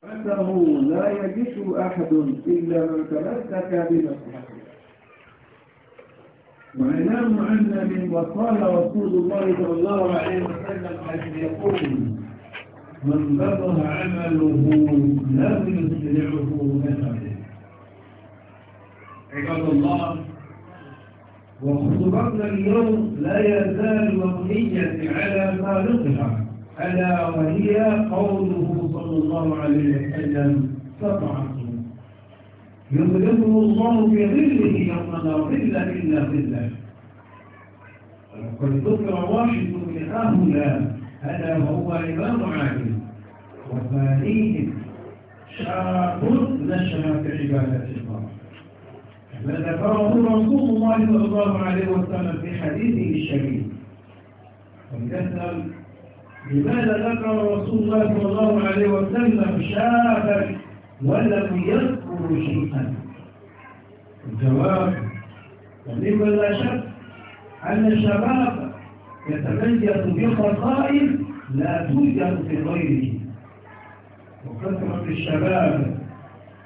أنه لا يجس أحد إلا من تمسك بنصيحته واعلام أن من وصال رسول الله صلى الله عليه وسلم أن يقول من بطل عمله لم يسرعه نفسه عباد الله وخطبتنا اليوم لا يزال مبنية على خالقها ألا وهي قوله صلى الله عليه وسلم فطعته يظلمه الله في ظله يوم لا ظل إلا ظله وقد ذكر واشنطن هؤلاء هذا هو إمام عادل وثانيه شاب نشر في عبادة الله كما ذكره رسول الله صلى الله عليه وسلم في حديثه الشريف ويسأل لماذا ذكر رسول الله صلى الله عليه وسلم شابا ولم يذكر شيئا الجواب يجب لا شك أن الشباب يتميز بخصائص لا توجد في غيره وكثرة الشباب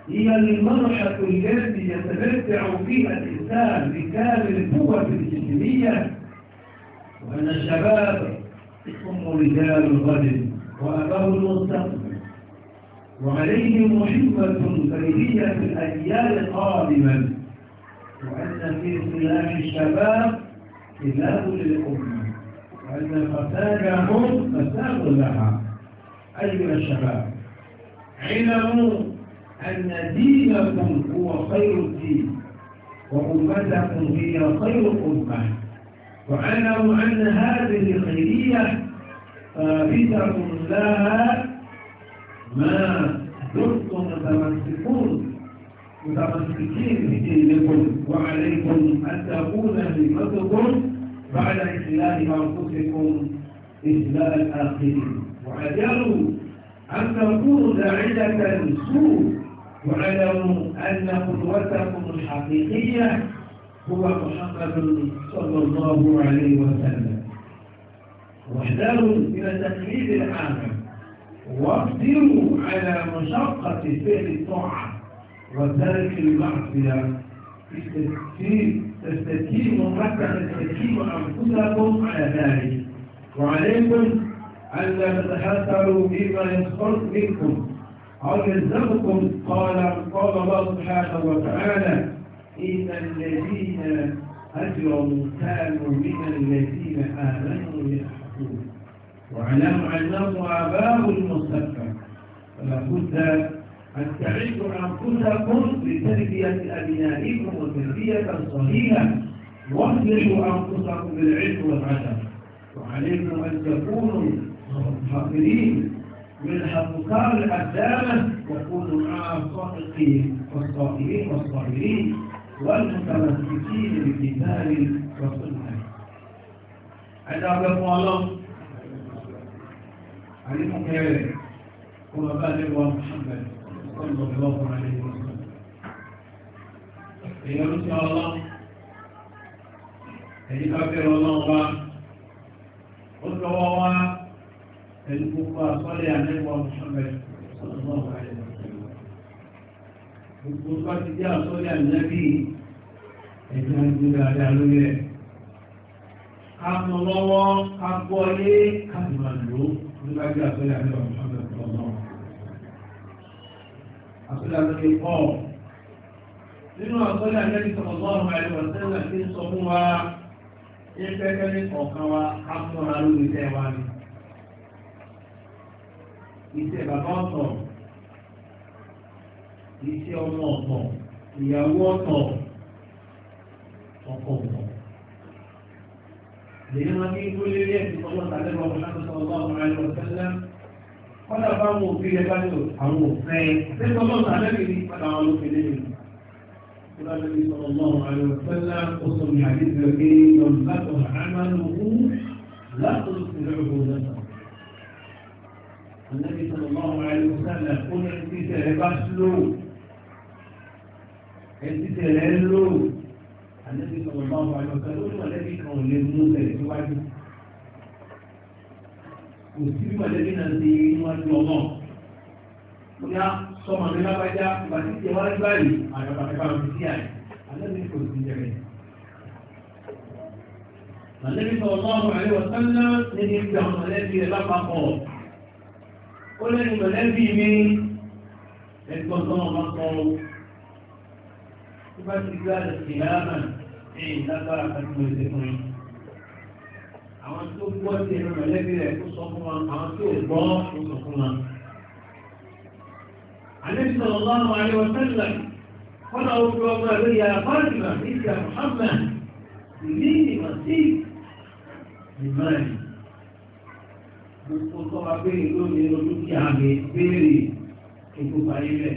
هي المرحلة التي يتمتع فيها الإنسان بكامل القوة الجسمية وأن الشباب هم رجال الغد وأباه المستقبل وعليهم محبة فريدية الأجيال قادما وأن في صلاح الشباب خلاف للأمة وأن فسادهم فساد لها أيها الشباب علموا أن دينكم هو خير الدين وأمتكم هي خير الأمة واعلموا أن هذه الخيرية فائدة لها ما دمتم متمسكون متمسكين بدينكم وعليكم أن تكون همتكم بعد إخلال أنفسكم إخلال الآخرين وعجلوا أن تكونوا داعية للسوء واعلموا أن قدوتكم الحقيقية هو محمد صلى الله عليه وسلم واحذروا من تقليد العامة واقدروا على مشقة فعل الطاعة وترك المعصية تستكين حتى تستكين أنفسكم على ذلك وعليكم ألا تتحسروا بما يسقط منكم أو يلزمكم قال قال الله سبحانه وتعالى إن الذين أجرموا كانوا من الذين آمنوا يضحكون واعلم أنه آباء المصطفى فلا بد أن تعيدوا أنفسكم لتربية أبنائكم وتربية صحيحة واصلحوا أنفسكم بالعلم والعدل وعليكم أن تكونوا حاضرين من حقوقها الأدامة وكونوا مع الصادقين والصائمين والصابرين والمتمسكين بكتاب وسنة ẹ̀dá ọgbẹ́ fún ọlọ́run àríkùnkẹ́ rẹ̀ kó lọ bá lé wọn ṣùgbẹ́ kó lọ bá wọn lé wọn èèyàn ló ti ọlọ́run ẹ̀yí bá bẹ̀rẹ̀ ọlọ́run wá ó gbogbo àsọ́lẹ̀ àlẹ́wọ̀n ṣùgbẹ́ kó lọ gbogbo pàtí jẹ́ àsọ́lé ànábì ẹ̀jẹ̀ àti dáadáa lórí rẹ̀. ká mọ lọ́wọ́ ká gbọ́ yé ká sì máa lò ó nígbà tí àsọ́lé ànábì ọ̀hún ṣọ́nà tó lọ́wọ́. àsọ́lé ànábì pọ̀ nínú àsọ́lé ànábì sọ̀rọ̀ lọ́rùn àìlèwọ̀ sẹ́lẹ̀ tí ń sọ fún wa ní pẹ́pẹ́ ní kọ̀ọ̀kan wa ká múra lórí iṣẹ́ wa ni. iṣẹ́ bàbá ọ̀sọ̀rọ̀ iṣẹ́ ọmọ ọ̀tọ̀ ìyàwó ọ̀tọ̀ ọkọ ọ̀tọ̀. Lèyí máa ní ikú lérí ẹ̀sìn ọjọ́ tàbí ọmọ láti sọ ọgbà ọmọ rẹ̀ lọ sẹ́lẹ̀. Kọ́lá bá mú òfin rẹ̀ bá ní àwọn òfẹ́ ṣé ọmọ tàbí mi ní padà wọn lókè lé mi. Kọ́lá bá mi sọ ọmọ ọmọ rẹ̀ lọ sẹ́lẹ̀ ó sọ mi àdéhùn rẹ̀ pé ọmọ láti ọ̀rọ̀ àmàlù òkú láti ìrẹ̀ òkú náà. Àlẹ́ mi sọ ọmọ ọmọ rẹ̀ lọ sẹ́lẹ̀ ó ní èsì tẹ̀lé ló àdébí sọ̀rọ̀ máa wà lọ́kẹ́ ó ní mọ̀lẹ́bí kan ò lè mú bẹ̀rẹ̀ síwájú kò sí bí mọ̀lẹ́bí náà ti rí níwájú ọmọ ó yá ah, sọmọ mi lábájá ìgbà tí tiẹ̀ wájú báyìí àgbàgbà kẹfà òfin sí àyè àdébí kò sí jẹrẹ. Àdébí sọ̀rọ̀ máa wà lọ́kẹ́ sánlá ah, níbi ìgbà mọ̀lẹ́bí rẹ̀ lápapọ̀ ó lẹ́nu mọ̀lẹ́bí mi ẹ̀gbọ́n sọ́mọ máa sọ bá ti gbá lè fi hàmà ẹ̀yìn lágbára pẹ̀lú ẹsẹ̀ fún yín. Àwọn tó gbọ́ ti ẹnu mọ̀lẹ́bí rẹ̀ kó sọ fún wọn, àwọn tó gbọ́ kó sọ fún wọn. Àlejò sọ̀rọ̀ lọ́wọ́ àríwá sẹ́lẹ̀ kọ́nà ojú ọmọ ẹ̀rọ ìyá Fáàlìmà ní ìyá Muhammad ní ìmọ̀ sí ìmọ̀lẹ̀. Gbogbo tó wá béèrè lónìí lójú kí àmì béèrè ètò ìpàdé rẹ̀.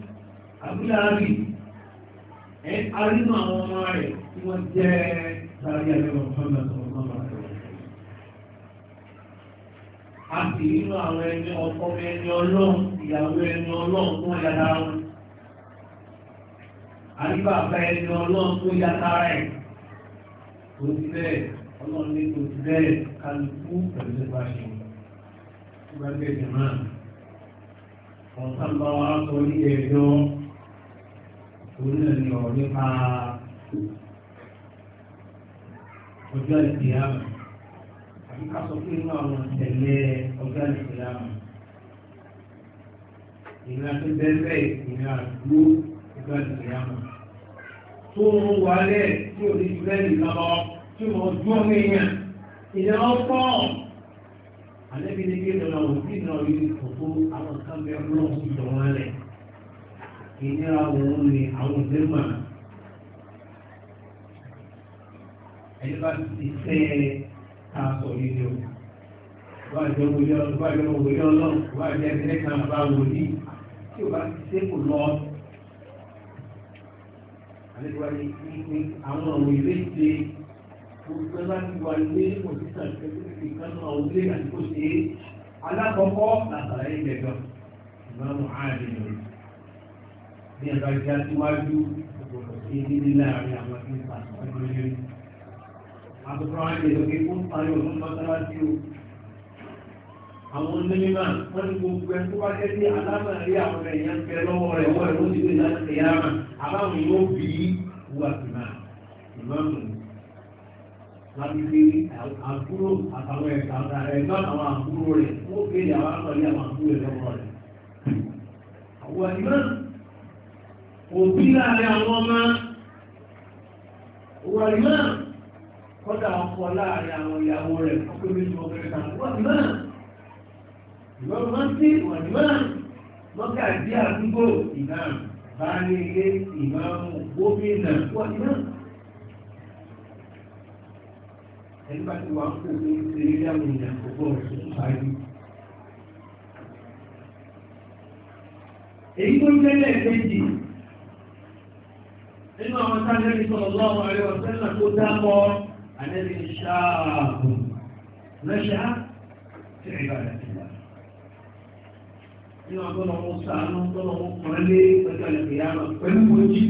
láàrí ẹ arínú àwọn ọmọ rẹ̀ tí wọ́n jẹ́ sáré àjọyọ̀ Muhammad ọmọ rẹ̀ a sì nínú àwọn ẹni ọkọ ẹni ọlọ́run ìyàwó ẹni ọlọ́run tó yàrá wọn àríbàbá ẹni ọlọ́run tó yàrá rẹ̀ kò sí bẹ́ẹ̀ ọlọ́run ní kò sí bẹ́ẹ̀ kálukú pẹ̀lú ẹgbàá ṣe wọ́n gbẹ́gbẹ́ náà ọ̀sán bá wa sọ ní ẹ̀yọ́ òun náà ọ̀rọ̀ nípa ọjọ́ ìsìlámù àti ká sọ pé inú àwọn tẹ̀lé ọjọ́ ìsìlámù ìlànà tó bẹ́ẹ̀ ìlànà dúró ọjọ́ ìsìlámù tó ń wálẹ̀ tí ò ní ju lẹ́yìn tí mo dún ọmọ èèyàn ìlànà pọ̀ àlẹ́bí ni kí ìlànà òbí náà yìí kò àwọn kan bẹ́ẹ̀ lọ́wọ́ ìjọba rẹ̀ ìnira òun ni àwọn ìgbẹ́mọ̀ ẹni bá ti fẹ́ àṣọ ìdíò wà jẹ́ wòlé ọlọ́run wà jẹ́ ẹgbẹ́ kan bá wòlí tí o bá ti ṣe kò lọ àlejòwáyé ní àwọn ọ̀rọ̀ ìwé ṣe gbogbo ẹ bá ti wà ilé òṣìṣẹ́ ìfẹ́ ìkànnì àwọn ilé àti kò ṣe é alákọ̀ọ́kọ́ làbàrá ìgbẹ̀gbọ̀n ìbámu ààrẹ ní ẹ̀ka ìjà síwájú ní nílé láàrin àwọn tí ń pa ọdún lórí. Àtúntò àwọn ilé ìlú kíkún parí òun mọ́sálásí o. Àwọn onímọ̀ wọ́n ní gbogbo ẹ̀ tó wá jẹ́ sí alámọ̀rí àwọn èèyàn bẹ lọ́wọ́ rẹ̀ wọ́n ẹ̀rọ ti gbé láti ṣe yára. Àbáwọn yóò bí wúwà fìmà ìmọ̀mù láti fi àbúrò àtàwọn ẹ̀ka ẹ̀gbọ́n àwọn àbúrò rẹ̀ wọ́n kéde àwọn àkọlé àwọn àbúrò rẹ̀ lọ́wọ́ rẹ̀. Àwọn ìmọ̀mù òbí láàrin àwọn ọmọ wọ̀nyí náà kọ́dà ọkọ̀ láàrin àwọn ìyàwó rẹ̀ ọkùnrin tó ọkùnrin kan wọ̀nyí náà ìwọ́n máa ń sí wọ̀nyí náà lọ́kà dí àdúgbò ìdáhùn bá ní ilé ìmáàmù gómìnà wọ̀nyí náà. ẹni bá ti wà ń kó ní ìrírí àwọn èèyàn gbogbo ọ̀sùn báyìí. èyí tó ń tẹ́lẹ̀ kejì nínú àwọn tí Ànábì sallallahu alaihi wa sallam kó dákọ́ Ànábì ṣáàbùn lẹ́ṣà tí ìbàdàn ti wà. nínú àwọn tọ́lọ̀ wọn sàánú tọ́lọ̀ wọn kàn lé pẹ̀lú àlẹ́kẹ̀yà pẹ̀lú mojí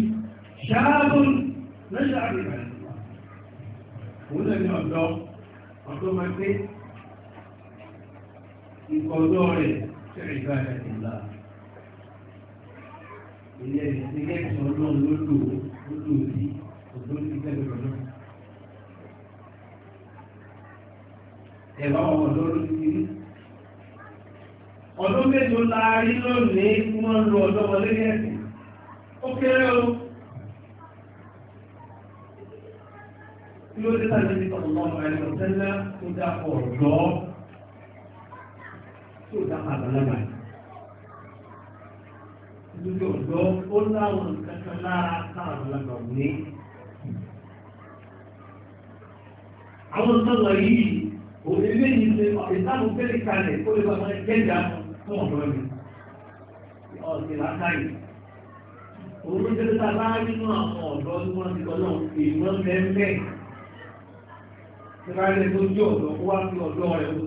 ṣáàbùn lẹ́ṣà tí ìbàdàn ti wà. òun náà ní ọ̀dọ́ ọ̀dọ́ máa gbé ìkọ̀dọ́ rẹ̀ tí ìbàdàn ti wà. ilé ìsìnkẹ́ ìsọ̀rọ̀ náà ló lò ó. bụrụ ọdún mélòó la lónìí tí wọ́n ń ní ó kéré o. tí ó dé tàbí ní ka ọmọ ẹ̀rọ tẹ́lẹ̀ tó dá tó dá àgbàlagbà. ọ̀dọ́ ó kan lára táwọn àgbàlagbà wé. àwọn sọ̀rọ̀ yìí òṣèlú yìí ṣe ìsáàmù fẹ́rẹ̀ kalẹ̀ kó lè bàbá jẹ́jà fún ọ̀dọ́ mi. ọ̀sẹ̀ látàrí olóṣèlú tá a bá nínú àwọn ọ̀dọ́ tí wọ́n ti lọ́nà èèmọ́ mẹ́mẹ́ ìbáraẹ̀ tó jẹ́ ọ̀dọ́ kó wá sí ọ̀dọ́ rẹ̀ tó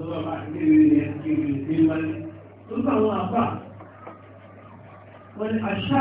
tọ́lọ́ ni àṣà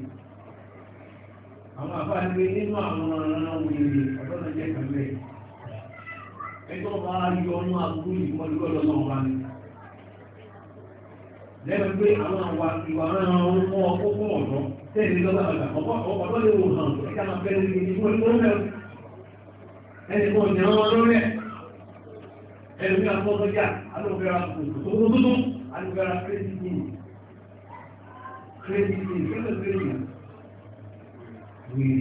àwọn àbáyé nínú àwọn ọ̀ràn àwọn àwà ìwà ọ̀ràn ọmọ ọkọ̀ ọ̀dọ́ tẹ́lẹ̀ lọ́gbà àgbà ọ̀pọ̀ lè wò hàn ẹ̀ka máa bẹ̀rẹ̀ ní ìlú ìgbọ́nlẹ̀ ẹni kan ní ọmọ lórí ẹ̀ ẹni bí wọn tọ́jú à alóbẹ̀rẹ̀ àkókò tó tó tó wèrè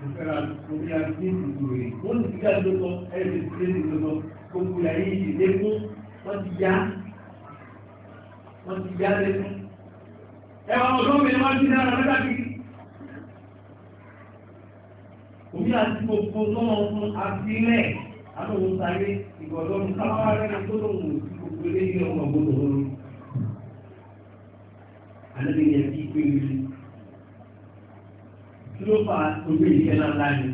mo fẹ́ràn mo ní àgbéǹdì wèrè wọ́n ní ìgbà lọ́tọ̀ ẹ̀rẹ́ ti lé lọ́tọ̀ gbogbo ayé yìí lékún wọ́n ti yá wọ́n ti yá lékún. ẹ̀wọ̀n ọ̀dọ́ mi ni wọ́n ti dára mẹ́ta kiri. omi àti gbogbo tọ́nà fún abilẹ̀ alóhùn sáré ìgbọ̀dọ̀ ní sábà rẹ̀ tó lóhùn gbogbo eléyìí ọmọ gbogbo lórí. àlejò yẹn ti pé mi. ló fà ojú ìṣẹ́ náà láàyè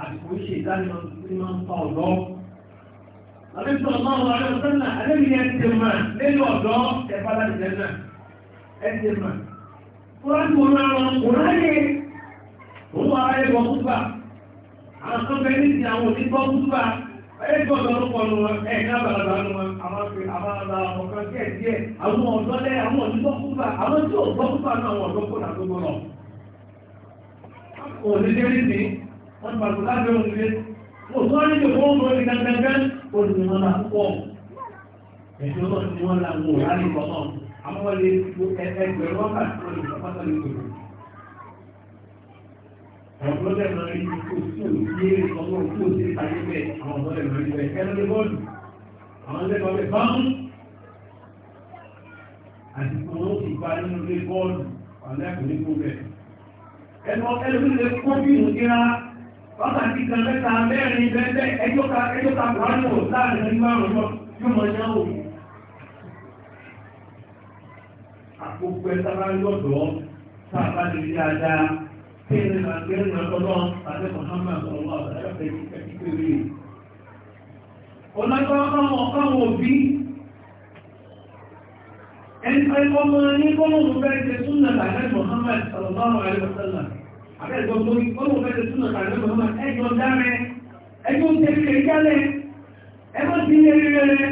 àsìkò ìṣe ìdánimọ̀ tí máa ń fa ọ̀dọ́ àbíkú ọmọ àwọn ọ̀rẹ́ ọ̀sán náà alẹ́bìnrin ẹni tẹ̀ mà lẹ́yìn ọ̀dọ́ ẹ̀fọ́ láti jẹ náà kò òun wà àwọn bẹ ní ti àwọn òní wọn ẹ̀ ní abàlàbà wọn àwọn àti abàlàbà ọ̀kan díẹ̀ díẹ̀ àwọn ọ̀dọ́ àwọn òní àwọn tí ò náà òṣèlérí wọ́n pàtó láti òṣèlé òṣèlé wọ́n ní kò fún òṣèlé gẹ́gẹ́gẹ́ olùmọ̀ náà pọ̀ ẹ̀jọ́ náà ni wọ́n làwọn òyàrí kọ̀ọ̀nà àwọn lè fún ẹgbẹ̀rún wákàtí olùsọ̀pátá lè tòrò àwọn ọlọ́dẹ̀ náà rí kò sí òṣèlé ìsọ̀nà òkú òṣèlé tàbí bẹ́ẹ̀ àwọn ọlọ́dẹ̀ náà rí bẹ́ẹ̀ kẹ́lẹ́ lé bọ́ọ̀lù àwọn ọlọ́dẹ̀ náà rí bọ́ọ̀lù àti kò wọ́n ti gba nínú lé bọ́ọ̀lù àwọn ẹ̀kọ́ ní kò bẹ́ẹ̀ ẹnu ẹlùmílẹ̀ kóbìnù gíra wákàtí kan mẹ́ta mẹ́rin bẹ́ẹ̀ ẹjọ́ka ẹjọ́ka kùránù láàrin ẹni márùn yọ yóò mọ̀ ní àwọn òun àkókò ẹ sábà yọ̀dọ̀ sábà lè rí ada kí ẹni máa gbé ẹni máa tọ́lọ́ àti Muhammad sọ̀rọ̀ àti ẹ̀fẹ̀ kíkẹ́ kíkẹ́ rí. ọ̀nà ìgbà káwọn ọmọ ní kọ́lọ̀mù fẹ́ ṣe súnà tàbí Muhammad sallallahu alaihi wasallam àbẹ́gbọ́n tó ní kọ́lọ̀mù fẹ́ ṣe súnà tàbí Muhammad ẹjọ́ dámẹ́ ẹjọ́ tẹ́lẹ̀ jálẹ̀ ẹgbọ́n tí ní eré rẹ̀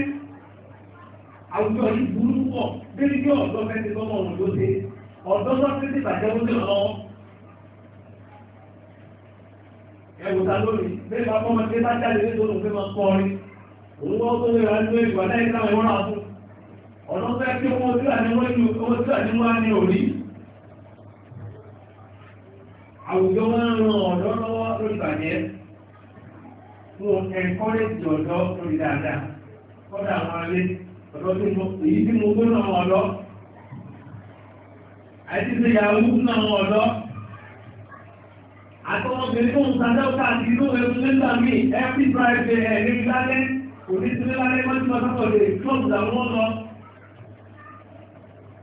àwùjọ yìí burú pọ̀ bẹ́ẹ̀ bí ọ̀dọ́ fẹ́ ti kọ́mọ ọ̀rùn ló ṣe ọ̀dọ́ tó fẹ́ ti bàjẹ́ ó lè lọ ẹwùta lórí bẹ́ẹ̀ bá jáde nítorí òun fẹ́ máa kọrin òun wọ́n tó lè rà nínú ìgbà náà ọ̀nà fẹ́ kí owó tí àníwá ní òní àwùjọ wọn ràn ọ̀dọ́ lọ́wọ́ lórí bàjẹ́ wọn ẹ̀kọ́lẹ́jì ọ̀dọ́ lórí dáadáa kọ́dà àwọn alẹ́ ọ̀dọ́ tí mo èyí tí mo gbóná àwọn ọ̀dọ́ àti ṣe ìyàwó náà àwọn ọ̀dọ́ àtọ́wọ́bìnrin fún ìsàdọ́ta àti inú ẹ̀rù lẹ́gbà mí every friday ẹ̀ nígbàlẹ́ òní sílẹ̀ lálẹ́ mọ́tí mọ́tí mọ́tí mọ́tí mọ́tí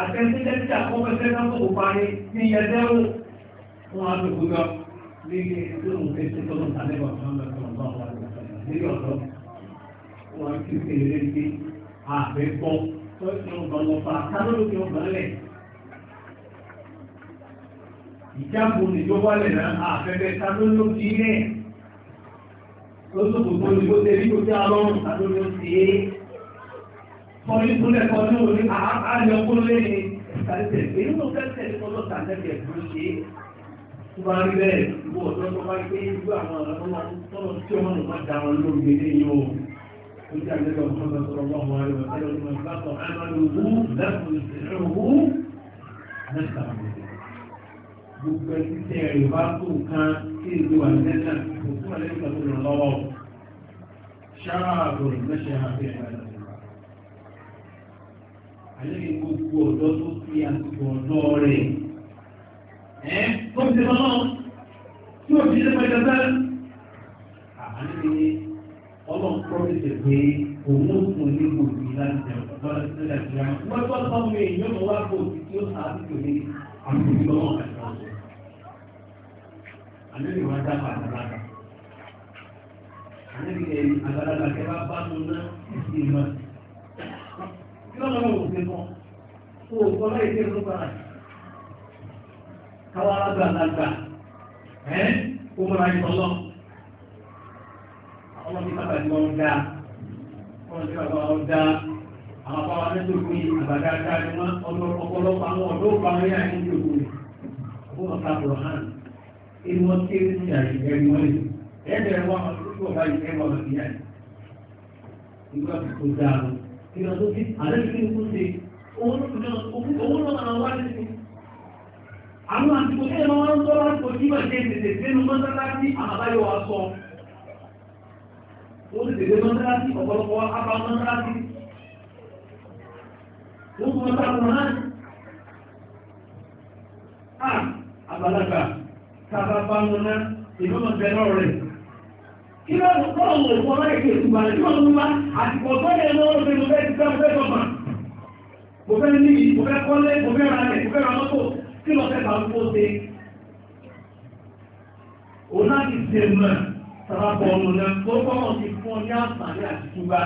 àtẹ́sílẹ̀ tí àkọ́fẹ́fẹ́ náà tó parí ní ẹ̀dẹ́rù fún àdúgbò lílé tó ń fẹ́ tó tọ́lọ̀ tàlẹ́bà fún ọlọ́pàá wà nílé ọ̀dọ́ wọn ti fi lè fi ààbẹ̀ bọ́ tó ti ń bọ̀ lọ́pàá kálórò tí ó bọ̀lẹ̀ ìjábò kọrí ìpínlẹ̀ kan ní orí àáyọkún lẹ́yìn ìsàlẹ̀ èyí ló fẹ́ tẹ̀lé kọjọ́ tàbí ẹ̀kọ́ ṣe tó bá rí bẹ́ẹ̀ ìwọ ọ̀dọ́ tó bá gbé irú àwọn ọ̀rọ̀ tọ́lọ̀ tí ọmọ nù má da wọn lórí o ó jẹ́ àgbẹ̀dọ̀ ọ̀kan tó sọ̀rọ̀ bá wọn ayọ̀ tẹ́lẹ̀ ọdún ẹ̀fọ́ àtọ̀ gbogbo ẹni tẹ́ ẹ̀rọ bá tó nǹkan kí ìlú wà lẹ́nà kò fún ẹlẹ́gbẹ̀ẹ́ tó lọ lọ́wọ́ ṣáà àbòrò mẹ́ṣẹ̀ àbẹ̀rẹ̀ àlejò gbogbo ọ̀dọ́ tó fi àsìkò ọ̀dọ́ rẹ̀. Ẹ tó ti lọ́nà tí ó ti lẹ́pẹ́ dandan. Àmàlẹ́ ni ọlọ́run promise pé òun ó fún ní gbòòdì láti jẹ ọ̀dọ́ láti jẹ Nàìjíríà. Wọ́n tó sọ pé èèyàn lọ wá gbòòdì tí ó sá àsìkò ní àwọn òbí lọ́wọ́ àti ọ̀dọ́. Àlejò wọn dá pàtó lára. Àlejò ẹ̀yìn àgbàlagbà kẹ́ bá tó ná ìsìn náà kí lọ́nà wọn ò fi mọ́ kó o kọ́ láyé tí ó bára káwá alágbàlagbà ẹ́ kó mọ́ra yìí tọ́lọ́ àwọn ọmọ tí bàbá ni wọ́n dá wọ́n ti bàbá wọn dá àwọn bá wa lẹ́tọ̀ pé àbàdá dá ni wọ́n ọ̀pọ̀lọpọ̀ àwọn ọ̀dọ́ ọ̀pọ̀ àwọn yàrá yìí ló wọlé fún ọ̀tá bọ̀rọ̀ hàn inú wọn kéré sí dáa lọ ìrọ̀lóbí àlẹ́sí ikú ṣe owó náà wá ní sí àwọn àtìkò tí ẹ̀rọ wọn ń tọ́ láti kò jíbà jẹ́ tètè sínú mọ́sálásí àbáyọ wa sọ ó sì tètè mọ́sálásí ọ̀pọ̀lọpọ̀ apá mọ́sálásí ó sì mọ́sálásí wọn náà à ah, àgbàlagbà tá a bá bá wọn náà ìlú mọ̀ bẹ́ẹ̀ náà rẹ̀ kílọ̀ ní kọ́ọ̀mù ìwọ láìpẹ́ ìgbà tí wọ́n ń wá àtìkọ̀ tó yẹ lọ́wọ́ pé mo fẹ́ ti fẹ́ mo fẹ́ tọ́gbà mo fẹ́ ní mo fẹ́ kọ́lé mo fẹ́ ra rẹ̀ mo fẹ́ ra mọ́tò kí lọ fẹ́ bá ń kó ṣe. o láti ṣe mọ̀ sábà bọ̀ ọ̀nà náà tó kọ́mọ̀ ti fún ọ ní àǹfààní àti túbà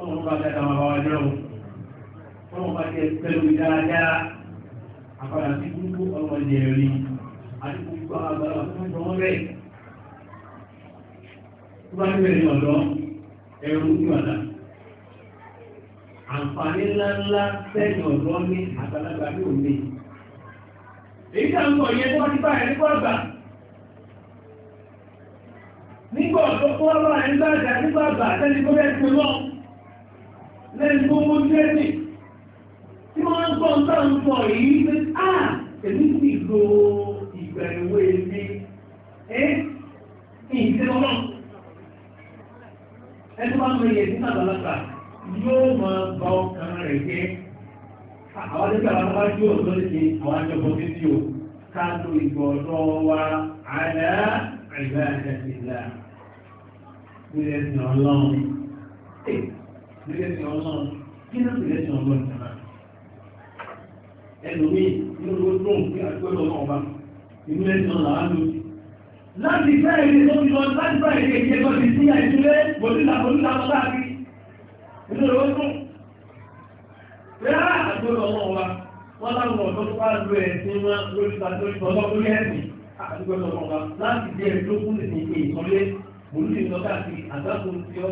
Ọlọ́run bá dáadáa máa bá wa jẹ́ òun fọlọ́n bá jẹ pẹ̀lú dáadáa àpàdà sí gbogbo ọmọ ìjẹ̀rì àti gbogbo àgbàlá fún ìjọwọ́ rẹ̀ tó bá níbẹ̀ ní ọ̀dọ́ ẹ̀rù ń gbàdá àǹfààní ńláńlá sẹ́yìn ọ̀dọ́ ní àgbàlagbà ní òní èyí tá ń bọ̀ yẹn tó wá ti bá ẹ̀ nípa àgbà nígbà ọ̀dọ́ tó wá bá ẹ̀ nípa àgbà nípa àgbà lẹ́ni tó bẹ́ẹ̀ tó lọ tí wọ́n ń gbọ́ nǹkan ń sọ yìí pé á èmi sì lo ìgbẹ̀rùwé mi ẹ́ ìṣe ọlọ́ ẹni wọ́n mọ iye nígbà balata yóò máa gba ọkàn rẹ̀ jẹ́ àwọn ẹgbẹ́ àwọn bá yóò lọ́dẹ̀ ṣe àwọn àjọpọ̀ fídíò ká lo ìgbọ̀dọ̀ wa àdá àìgbà àjẹsílá nílẹ̀ ẹ̀sìn ọlọ́run nílẹ̀ ẹ̀sìn ọlọ́run kí ló ń lẹ̀ ẹ̀sìn ọlọ́run kan náà ẹlòmí inú ló dùn ní àgbẹ̀lọ́ náà bá inú ẹ̀sìn ọ̀nà á lò. láti fẹ́ẹ̀rẹ́ tó ti lọ láti fẹ́ẹ̀rẹ́ èyí ẹ̀kọ́ ti sí àìsílẹ̀ bòlílà bòlílà tó káàkiri inú ló dùn. rẹ́rà àgbẹ̀lọ́ náà wá wọ́n láwọn ọ̀dọ́ tó bá lo ẹ̀sìn wọn lórí ìtọ́jọ́ tó yẹ ẹ̀sìn àgbẹ̀lọ́ náà wá láti jẹ́ ìdókòwò ìsìnkú ìsọ̀lẹ̀ bòlílà tó káàkiri àgbàkùn ti ọ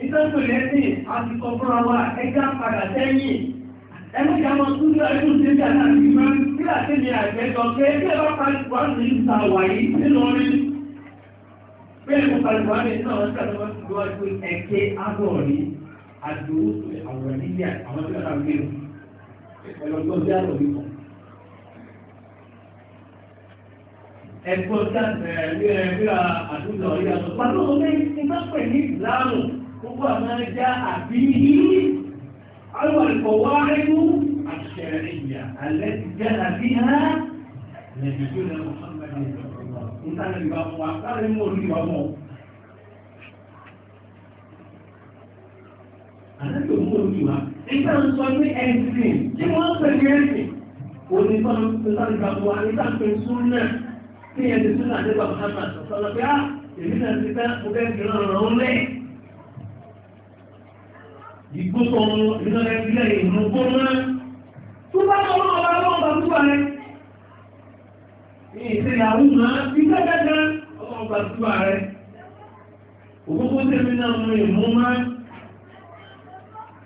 ìtọ́jú lẹ́sìn àti kọ̀ọ̀kọ́ra wa ẹja padà sẹ́yìn ẹni kí a máa tún lọ ẹkùn tí ìjà náà ti máa kí àti ní àgbẹ̀tọ̀ pé bí ẹ bá pàṣípà ní ìta wàyí nílọrin bí ẹkùn pàṣípà ní ìta wọn kàtó wọn ti lọ́wọ́ pé ẹ̀kẹ́ agbọ̀rí àdúró àwọn nílẹ̀ àwọn tí wọn náà gbé ẹlọgbọ́n bí àrò mi kàn. ẹ̀kọ́ sáà ẹ̀ bí ẹ̀ bí àdúgbò ọ̀rí àtọ̀ pàtó ọmọ ẹni tí wọ́n pè ní ìlànà gbogbo àwọn ẹja àbí àwọn ìfọwọ́ arẹ́gbó àṣẹrẹ ìyà alẹ́ ti jẹ́ àbí há lẹ́yìn tó lẹ́nu nítorí ìgbà fún wa sáré mú orí wa mọ́ àlejò mú orí wa nígbà ń sọ ní ẹ̀sìn tí wọ́n ń pè ní ẹ̀sìn òní sọ́nà nítorí ìgbà fún wa nígbà pé súnà tí ẹ̀sìn súnà nígbà fún wa sọ̀tọ̀ lọ pé á èmi náà ti fẹ́ mo fẹ́ fi rán ọ̀rọ̀ ń lẹ́yìn ìgbóso ìrọ̀lẹ́ ìgbẹ́ ìrùnkó náà tó bá tó wọ́n ọba lọ́wọ́ bá tó wà rẹ̀ ìṣẹ̀yàwó náà ti gbẹ́gbẹ́gbẹ́ ọlọ́wọ́ bá tó wà rẹ̀ òkókó tẹ̀mí náà mú ìmú máa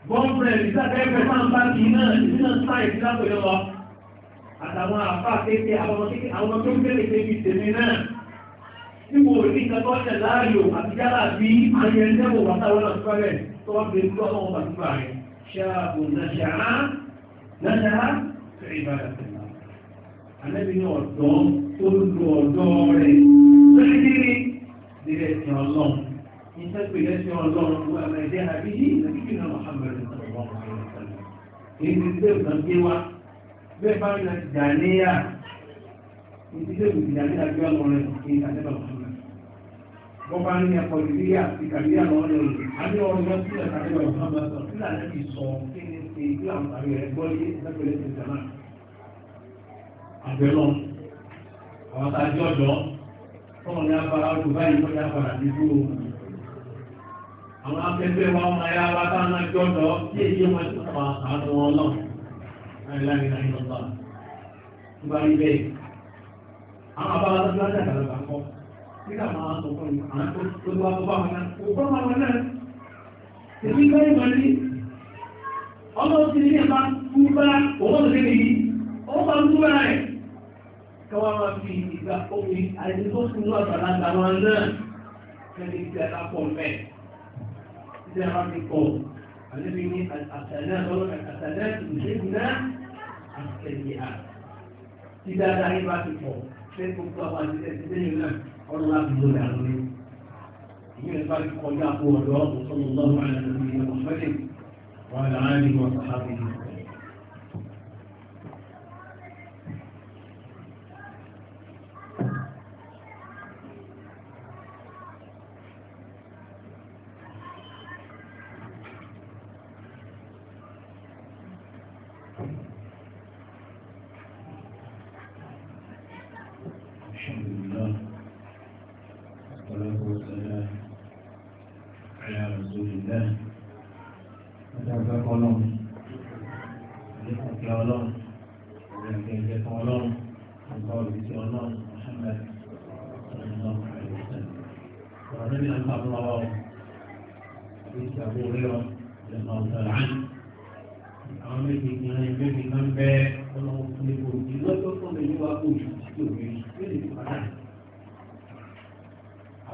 bọ́m̀bẹ̀rẹ̀ ìsàkẹ́fẹ́ sáńbá kì í náà ìdí náà sáì sí lápẹ̀lẹ́ lọ àtàwọn àfà kéèké àwọn tó ń kéèké kéèké tèmi náà tí mo rí ìkàkọ́ tó wọ́n bèèrè tó ọlọ́wọ́ bá nípa rẹ̀ ṣáàbù nàṣàá nàṣàá tó ìbára tẹ̀lá àlẹ́bí ní ọ̀dọ́ tó lu ọ̀dọ́ rẹ̀ lóríkìrì nílẹ̀ tí ọlọ́run ìtẹ́pẹ̀ lẹ́sìn ọlọ́run wà lẹ́dẹ́ àbíyí nàbíkì náà Muhammadu wọ́n bá ní ẹ̀kọ́ ìdílé àti kàdíyà lọ́wọ́ lórí àbí ọ̀rọ̀ lọ sí ẹ̀ka tó wà fún ọmọ sí láti fi sọ kí ni ṣe kí àwọn àmì rẹ̀ gbọ́ yé lẹ́gbẹ̀rẹ́ ti jàmá. àbẹ̀ lọ àwọn tá a jẹ́ ọ̀dọ́ tọ́wọ́n ní abala ọdún báyìí wọ́n ní abala dídúró. àwọn akẹgbẹ́ wa wọn ayé wa tá a náà jẹ́ ọ̀dọ́ tí èyí wọn ti pa àánú wọn lọ. láìláì láì lọ́ba. tó bá rí bẹ́ẹ̀ àwọn abala tó nígbà máa sọ fún mi àwọn tó tó wá bá wọn náà kò bá wọn náà èmi gbẹ́rẹ́ wọn ní ọmọ tí ní ẹ̀ma kú bá òun lè ní yìí ó bá ń kú bá rẹ̀ káwọn máa fi ìgbà omi àti tó kú lọ àgbàlagbà wọn náà lẹ́ni tí a pọ̀ mẹ́ tí a máa fi pọ̀ àlẹ́bí ní àtàlẹ́ lọ́wọ́ àtàlẹ́ ìṣègùn náà àti ẹ̀yà tí dáadáa yìí bá ti pọ̀ lẹ́kọ̀ọ́ àwọn àti ẹ̀sìn lẹ́yìn náà. ọdún láti ló ní àlọ́ yìí èyí rẹ̀ bá ti kọjá fún ọ̀dọ́ ọ̀sán lọ́wọ́ àlẹ́ àti ìyẹn ọ̀fẹ́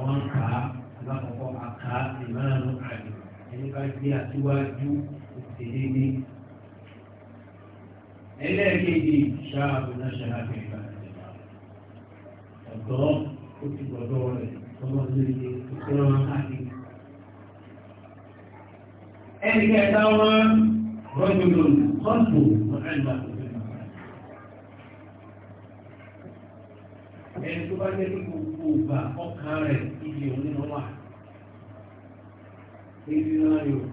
àwọn kà á alákọ̀ọ́kọ́ àká ìmáàmù àlè ẹni bá jẹ́ àtiwájú òṣèré ní. ẹlẹ́ẹ̀kejì ṣáàbù náà ṣàlàyé ìgbà ìjọba ọ̀dọ́ ó ti gbọ́dọ̀ rẹ̀ ọmọdé ìṣòro àti. ẹni kẹta wọn rọ́jò lòlù kọ́ńtò ọ̀hánìmá ẹni tó bá jẹ́ ìgbà ọkàn rẹ̀ ibi òun nínú wà èyí náà yóò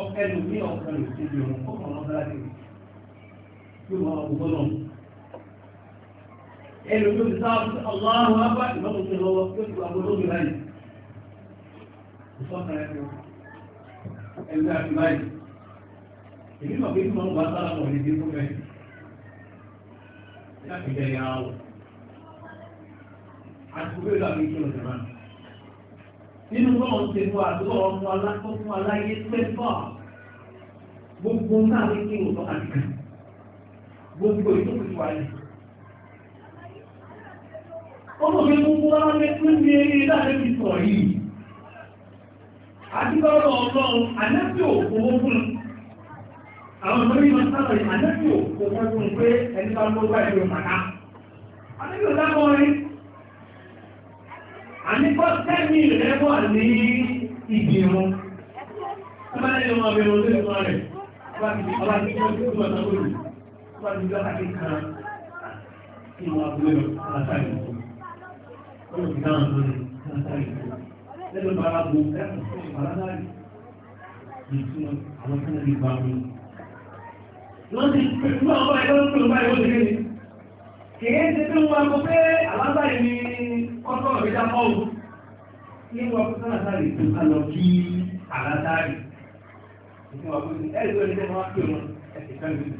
ọkẹnu ní ọkàn rẹ̀ ibi òun kọ́kàn lọ́dọ̀ láti yóò máa wù gbọ́dọ̀ ẹnu yóò ti sáà fún aláwọ̀ abá ìbámu ti lọ́wọ́ yóò ti àbọ̀ lóbi láyé ìfọ́kàn rẹ̀ ẹgbẹ́ àti báyìí èyí náà kí n máa sára wọ̀ ní ìdí fún mẹ́rin láti jẹ ìyá wọn àtúgbò ìlú àbí ìjọ ìjọba nínú náà ń tẹnu àdúgbò ọmọ alákọ̀ọ́kọ́ aláyé pẹ́fà gbogbo náà ní kí n lọ àdìgbà gbogbo ìdókòtò ayé ọmọ mi gbogbo wa lé fún mi eré láti fi sọ yìí àdúgbò ọlọ́run àlẹ́fẹ́ òkú ogun àwọn ọmọ mi máa sábà àlẹ́fẹ́ òkú ogun pé ẹni bá lọ́gbà ìlú màdá àlẹ́fẹ́ òkú àníkọ́ tẹ́mì rẹ̀ wà ní ìgbìmọ̀ ọmọdé ọmọ abẹ́rẹ̀ ojú ìmọ̀ rẹ̀ ọlọ́dún tó ti túnmọ̀ náà lórí ọlọ́dún tó ti kan ìwọ̀n abúlé látàrí ọlọ́dún tó ti látàrí lẹ́nu bára bò lẹ́nu tó ti bára láàrí ìtumọ̀ àwọn tó ti bá mi. wọ́n ti pẹ̀lú àwọn ọmọ ẹgbẹ́ tó ń bá ìwọ́n ti rí kìí ṣe tó ń wá gbọ́ pé àlágbáyé ni kọ́tọ́lọ̀ bí dámọ́ ò ní wọ́n fún sánàtàrí tó ká lọ bí àlátàrí ìfún wa fún ẹ̀rí tó ẹni tẹ́ máa pè wọn ẹ̀sìn kan lóṣù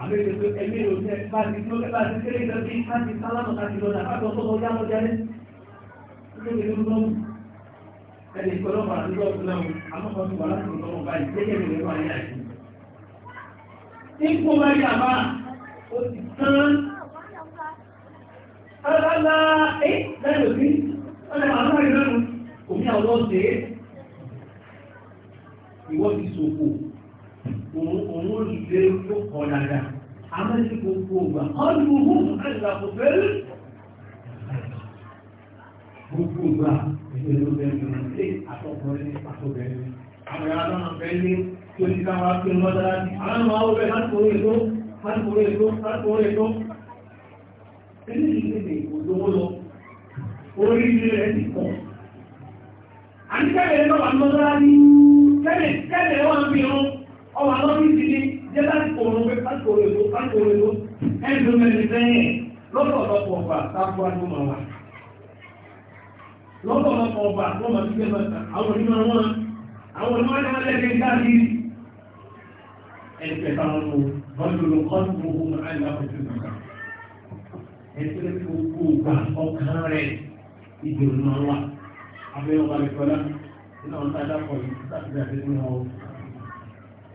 àmì ètò ẹ̀mí ìlú tẹ́ bá ti tó bá ti kéré lọ sí láti sálámù láti lọ náà fáwọn tó kọjá mọ́ jáde tó lè lọ lọ́wọ́ ẹni ìkọlọ́pàá àti lọ́wọ́ lọ́wọ́ àmọ́kọ́ ti wà láti lọ́wọ́ báyìí gẹ́gẹ́ bí lọ́la ẹ́ lẹ́yìn òbí ọ̀nà àbúrò ìlànà òbí àwọn ọ̀sẹ̀ ìwọ ti sòkò òun ò lè tó kọ̀ dáadáa amẹ́sí gbogbo ògbà ọdún ohun àìsàn kò fẹ́ gbogbo ògbà ìgbèrò bẹ̀rẹ̀ ní àtọkùnrin àtọbẹ̀rẹ̀ àwọn ará náà bẹ̀rẹ̀ ní tó ti ká wá pé wọ́n dára sí àwọn ọmọ àwọn ọbẹ̀ láti orí ètò láti orí ètò láti orí ètò lówó lọ orí rẹ̀ ti pọ̀ àníkẹ́lẹ̀ náà wà ní mọ́sára ní kẹ́lẹ̀ kẹ́lẹ̀ wà ń fi hàn ọwà lọ́rí ti ní ndụ láti kòrò pé pàtàkì èlò pàtàkì èlò ẹ̀dùn mẹ́rin sẹ́yìn lọ́pọ̀lọpọ̀ ọ̀gbà tábúwá tó máa ẹgbẹ́ gbogbo ìgbà ọkàn rẹ̀ ìdèrò máa wà abẹ́rẹ́ ọba ìfọlá nínú àwọn tá a dákọ̀ yìí láti dàbí nínú ọ̀rọ̀.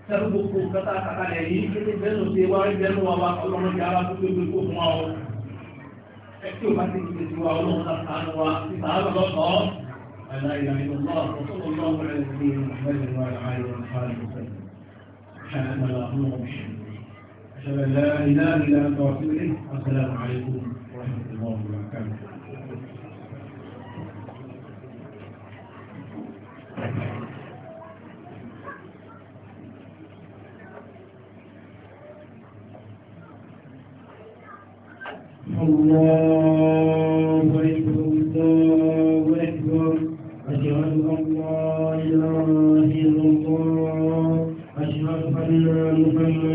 sẹ́nu gbogbo kátà kátà lẹ̀ yìí kéde bẹ́ẹ̀nù ti wá rí bẹ́ẹ̀nù wa wá ọlọ́run ti ara tó gbogbo ìgbò fún wa o. ẹ tí o bá ti ti ti wa ọlọ́run náà sànù wa ti sàánù lọ́kọ̀ọ́. ẹ̀la ìlànà ìlànà ọ̀sán ọlọ́run rẹ̀ لا إله إلا أنت رسوله السلام عليكم ورحمة الله وبركاته الله أكبر الله أكبر أشهد أن لا إله إلا الله أشهد أن محمدا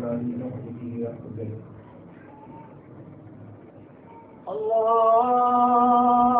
إبراهيم وأبيه وأبيه الله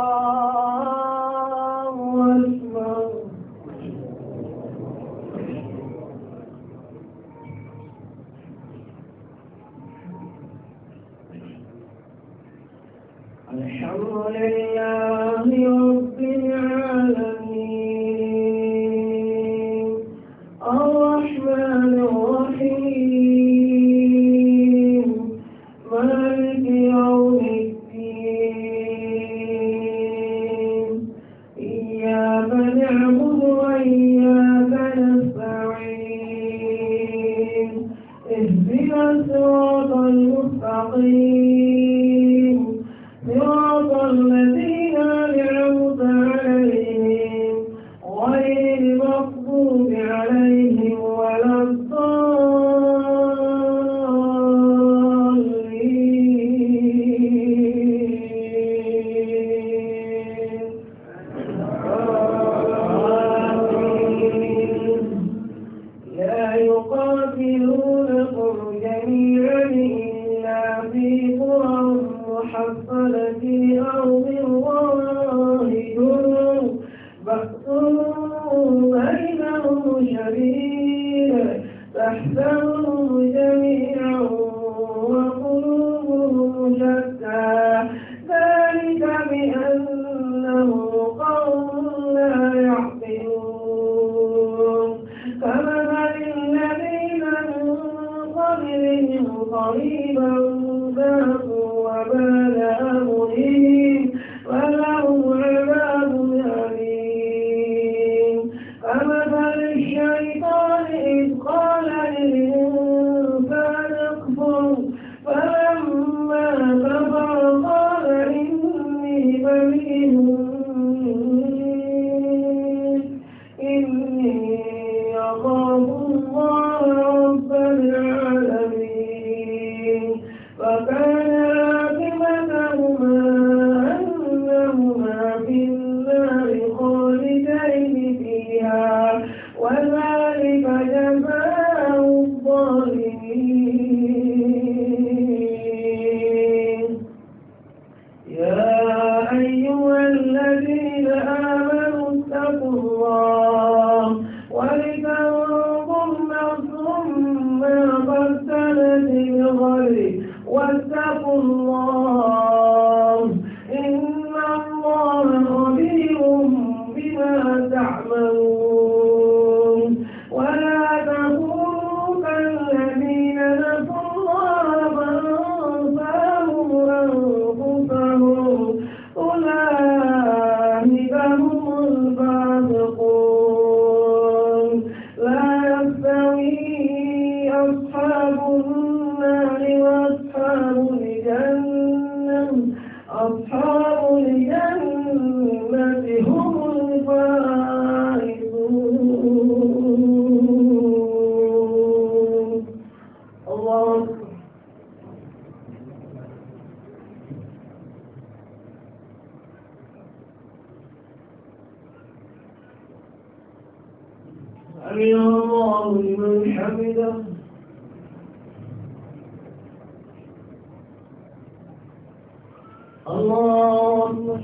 الله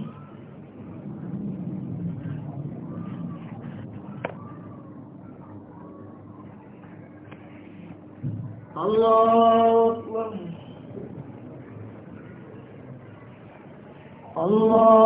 الله الله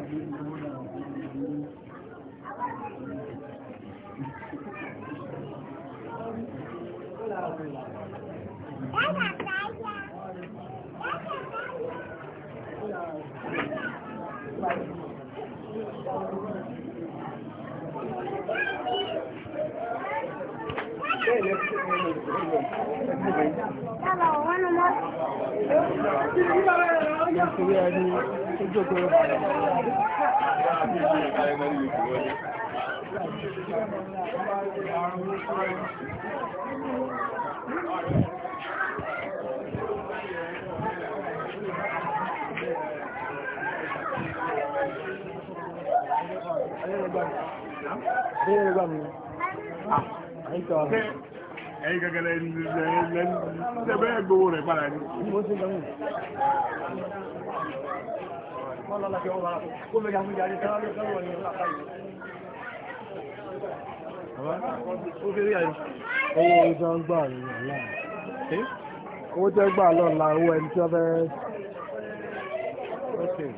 Thank you. jòkòrò. Ẹyẹ gbà mí. Ẹyẹ gbà mí. Ẹyẹ gẹ́gẹ́rẹ́ lẹ́nu lẹ́nu lẹ́nu lẹ́nu gbowó rẹ̀ padà ní. Mo ti gbà mí. Owó ìjọ ń gbà ní ọ̀la. Owó jẹ́ gbà lọ́la owó ẹni tí wọ́n fẹ́.